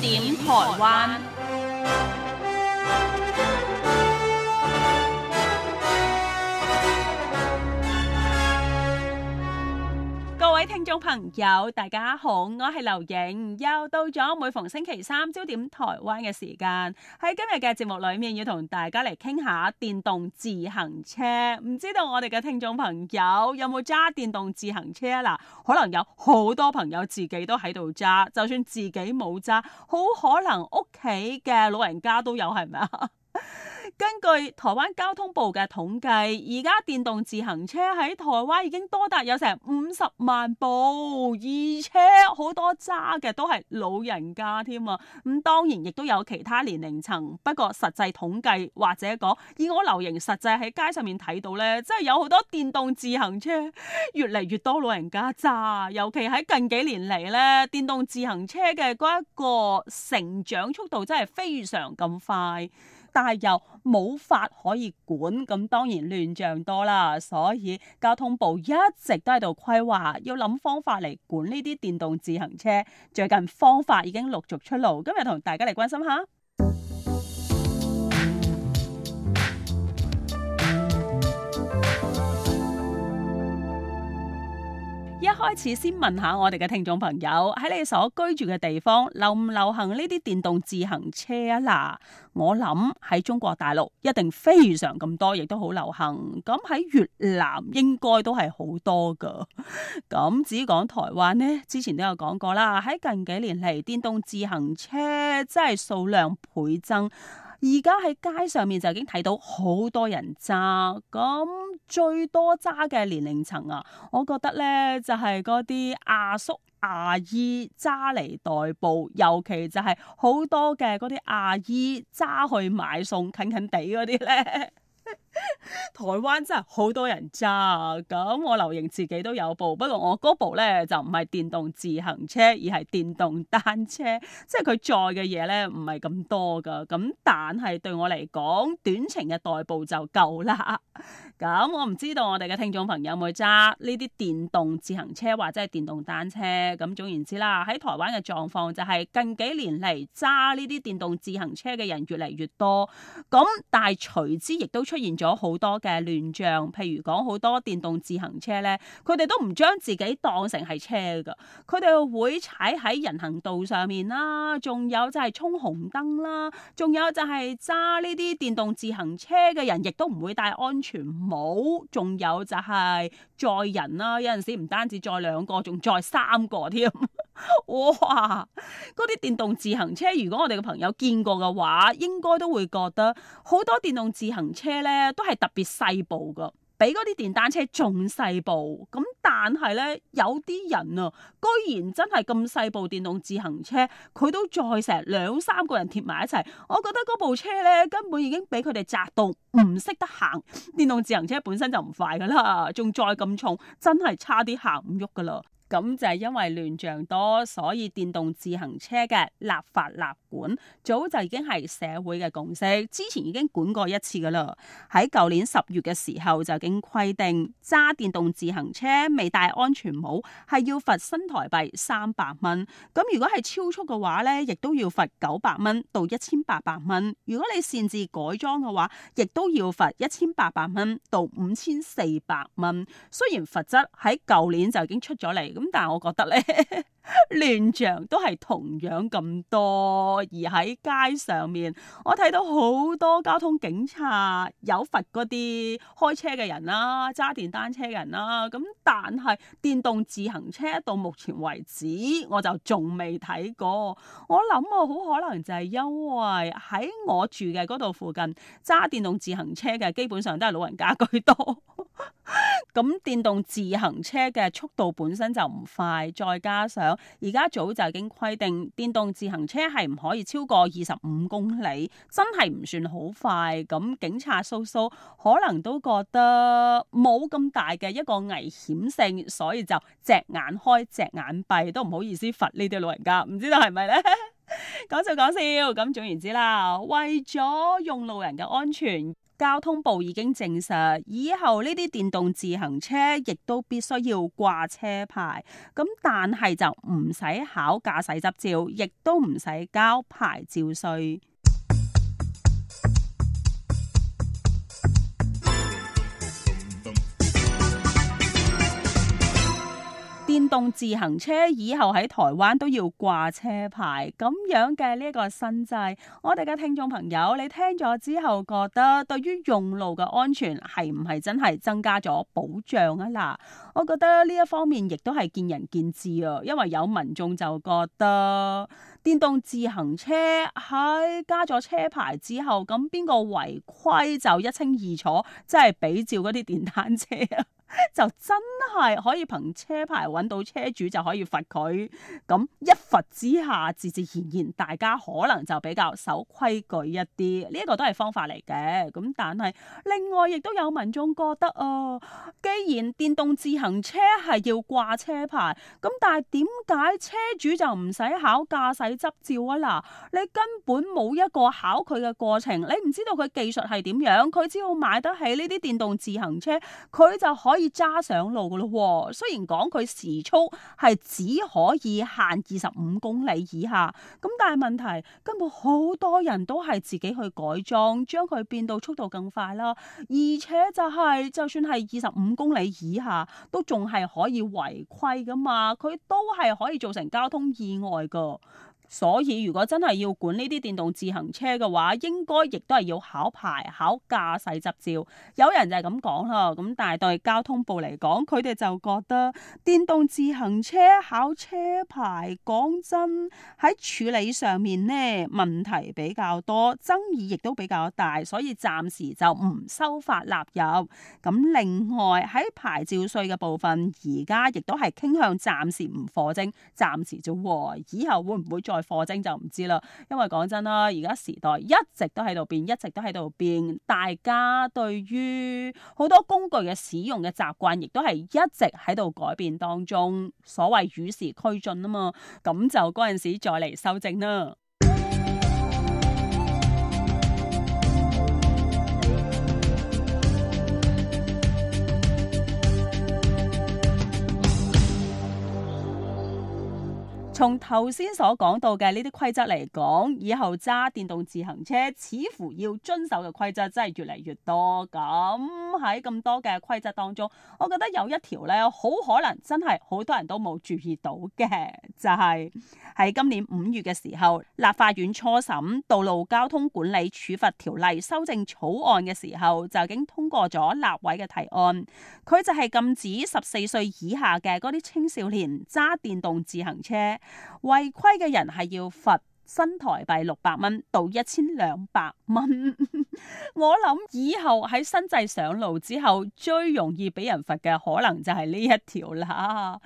點台灣？聽眾朋友，大家好，我係劉瑩，又到咗每逢星期三焦點台灣嘅時間。喺今日嘅節目裏面，要同大家嚟傾下電動自行車。唔知道我哋嘅聽眾朋友有冇揸電動自行車啊？可能有好多朋友自己都喺度揸，就算自己冇揸，好可能屋企嘅老人家都有，係咪啊？ 根據台灣交通部嘅統計，而家電動自行車喺台灣已經多達有成五十萬部，而且好多揸嘅都係老人家添啊。咁當然亦都有其他年齡層，不過實際統計或者講，以我流行實際喺街上面睇到呢，真係有好多電動自行車，越嚟越多老人家揸，尤其喺近幾年嚟呢，電動自行車嘅嗰一個成長速度真係非常咁快。但係又冇法可以管，咁當然亂象多啦。所以交通部一直都喺度規劃，要諗方法嚟管呢啲電動自行車。最近方法已經陸續出爐，今日同大家嚟關心下。開始先問下我哋嘅聽眾朋友，喺你所居住嘅地方流唔流行呢啲電動自行車啊？嗱，我諗喺中國大陸一定非常咁多，亦都好流行。咁喺越南應該都係好多噶。咁至於講台灣呢，之前都有講過啦，喺近幾年嚟，電動自行車真係數量倍增。而家喺街上面就已經睇到好多人揸，咁最多揸嘅年齡層啊，我覺得呢就係嗰啲阿叔阿姨揸嚟代步，尤其就係好多嘅嗰啲阿姨揸去買餸，近近地嗰啲呢。 台灣真係好多人揸，咁我留言自己都有部，不過我嗰部呢，就唔係電動自行車，而係電動單車，即係佢載嘅嘢呢唔係咁多噶，咁但係對我嚟講，短程嘅代步就夠啦。咁、 嗯、我唔知道我哋嘅聽眾朋友有冇揸呢啲電動自行車或者係電動單車，咁總言之啦，喺台灣嘅狀況就係近幾年嚟揸呢啲電動自行車嘅人越嚟越多，咁但係隨之亦都出現咗。咗好多嘅亂象，譬如講好多電動自行車呢，佢哋都唔將自己當成係車噶，佢哋會踩喺人行道上面啦，仲有就係衝紅燈啦，仲有就係揸呢啲電動自行車嘅人，亦都唔會戴安全帽，仲有就係載人啦，有陣時唔單止載兩個，仲載三個添。 哇！嗰啲電動自行車，如果我哋嘅朋友見過嘅話，應該都會覺得好多電動自行車咧都係特別細部噶，比嗰啲電單車仲細部。咁但係咧，有啲人啊，居然真係咁細部電動自行車，佢都再成兩三個人貼埋一齊。我覺得嗰部車咧根本已經俾佢哋窄到唔識得行。電動自行車本身就唔快噶啦，仲再咁重，真係差啲行唔喐噶啦。咁就係因為亂象多，所以電動自行車嘅立法立。管早就已經係社會嘅共識，之前已經管過一次噶啦。喺舊年十月嘅時候就已經規定，揸電動自行車未戴安全帽係要罰新台幣三百蚊。咁如果係超速嘅話呢，亦都要罰九百蚊到一千八百蚊。如果你擅自改裝嘅話，亦都要罰一千八百蚊到五千四百蚊。雖然罰則喺舊年就已經出咗嚟，咁但係我覺得呢。 亂象都係同樣咁多，而喺街上面，我睇到好多交通警察有罰嗰啲開車嘅人啦、啊、揸電單車嘅人啦、啊。咁但係電動自行車到目前為止，我就仲未睇過。我諗我好可能就係因為喺我住嘅嗰度附近揸電動自行車嘅，基本上都係老人家居多。咁、 嗯、電動自行車嘅速度本身就唔快，再加上而家早就已經規定電動自行車係唔可以超過二十五公里，真係唔算好快。咁、嗯、警察叔叔可能都覺得冇咁大嘅一個危險性，所以就隻眼開隻眼閉都唔好意思罰呢啲老人家，唔知道係咪呢？講笑講笑，笑。咁總言之啦，為咗用路人嘅安全。交通部已經證實，以後呢啲電動自行車亦都必須要掛車牌，咁但係就唔使考駕駛執照，亦都唔使交牌照稅。電動自行車以後喺台灣都要掛車牌，咁樣嘅呢個新制，我哋嘅聽眾朋友，你聽咗之後覺得對於用路嘅安全係唔係真係增加咗保障啊？嗱，我覺得呢一方面亦都係見仁見智啊，因為有民眾就覺得電動自行車喺、哎、加咗車牌之後，咁邊個違規就一清二楚，真係比照嗰啲電單車啊。就真係可以憑車牌搵到車主就可以罰佢，咁一罰之下，自自然然大家可能就比較守規矩一啲，呢一個都係方法嚟嘅。咁但係另外亦都有民眾覺得啊，既然電動自行車係要掛車牌，咁但係點解車主就唔使考駕駛執照啊？嗱，你根本冇一個考佢嘅過程，你唔知道佢技術係點樣，佢只要買得起呢啲電動自行車，佢就可以。可以揸上路噶咯，雖然講佢時速係只可以限二十五公里以下，咁但係問題根本好多人都係自己去改裝，將佢變到速度更快啦。而且就係就算係二十五公里以下，都仲係可以違規噶嘛，佢都係可以造成交通意外噶。所以如果真係要管呢啲電動自行車嘅話，應該亦都係要考牌、考駕駛執照。有人就係咁講啦，咁但係對交通部嚟講，佢哋就覺得電動自行車考車牌，講真喺處理上面呢問題比較多，爭議亦都比較大，所以暫時就唔收法納入。咁另外喺牌照稅嘅部分，而家亦都係傾向暫時唔課徵，暫時就話以後會唔會再。課精就唔知啦，因為講真啦，而家時代一直都喺度變，一直都喺度變，大家對於好多工具嘅使用嘅習慣，亦都係一直喺度改變當中，所謂與時俱進啊嘛，咁就嗰陣時再嚟修正啦。從頭先所講到嘅呢啲規則嚟講，以後揸電動自行車似乎要遵守嘅規則真係越嚟越多。咁喺咁多嘅規則當中，我覺得有一條呢，好可能真係好多人都冇注意到嘅，就係、是、喺今年五月嘅時候，立法院初審《道路交通管理處罰條例》修正草案嘅時候，就已經通過咗立委嘅提案。佢就係禁止十四歲以下嘅嗰啲青少年揸電動自行車。違規嘅人係要罰新台幣六百蚊到一千兩百蚊。我諗以後喺新制上路之後，最容易俾人罰嘅可能就係呢一條啦，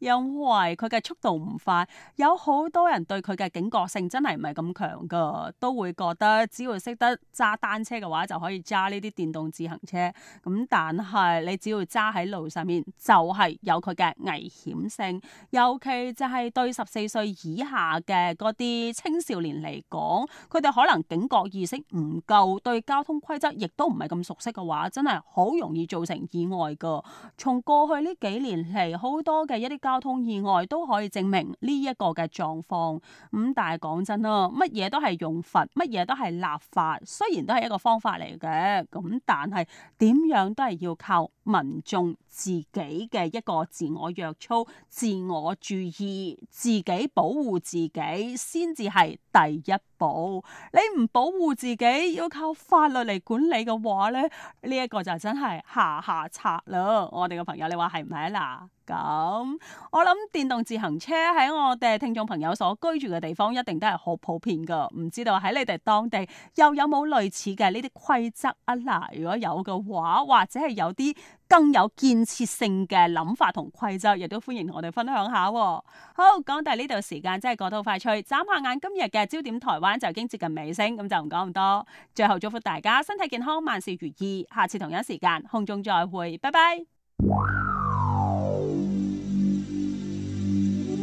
因為佢嘅速度唔快，有好多人對佢嘅警覺性真係唔係咁強噶，都會覺得只要識得揸單車嘅話就可以揸呢啲電動自行車。咁但係你只要揸喺路上面，就係有佢嘅危險性，尤其就係對十四歲以下嘅嗰啲青少年嚟講，佢哋可能警覺意識唔夠，對交通，規則亦都唔係咁熟悉嘅話，真係好容易造成意外噶。從過去呢幾年嚟，好多嘅一啲交通意外都可以證明呢一個嘅狀況。咁、嗯、但係講真啦，乜嘢都係用罰，乜嘢都係立法，雖然都係一個方法嚟嘅，咁但係點樣都係要靠民眾。自己嘅一個自我約束、自我注意、自己保護自己，先至係第一步。你唔保護自己，要靠法律嚟管理嘅話咧，呢、呢、一個就真係下下策啦。我哋嘅朋友，你話係唔係啦？咁，我諗電動自行車喺我哋聽眾朋友所居住嘅地方，一定都係好普遍噶。唔知道喺你哋當地又有冇類似嘅呢啲規則啊？嗱，如果有嘅話，或者係有啲更有建設性嘅諗法同規則，亦都歡迎同我哋分享下。好，講到呢度時間真係過得好快脆，眨下眼今日嘅焦點台灣就已經接近尾聲，咁就唔講咁多。最後祝福大家身體健康，萬事如意。下次同一時間空中再會，拜拜。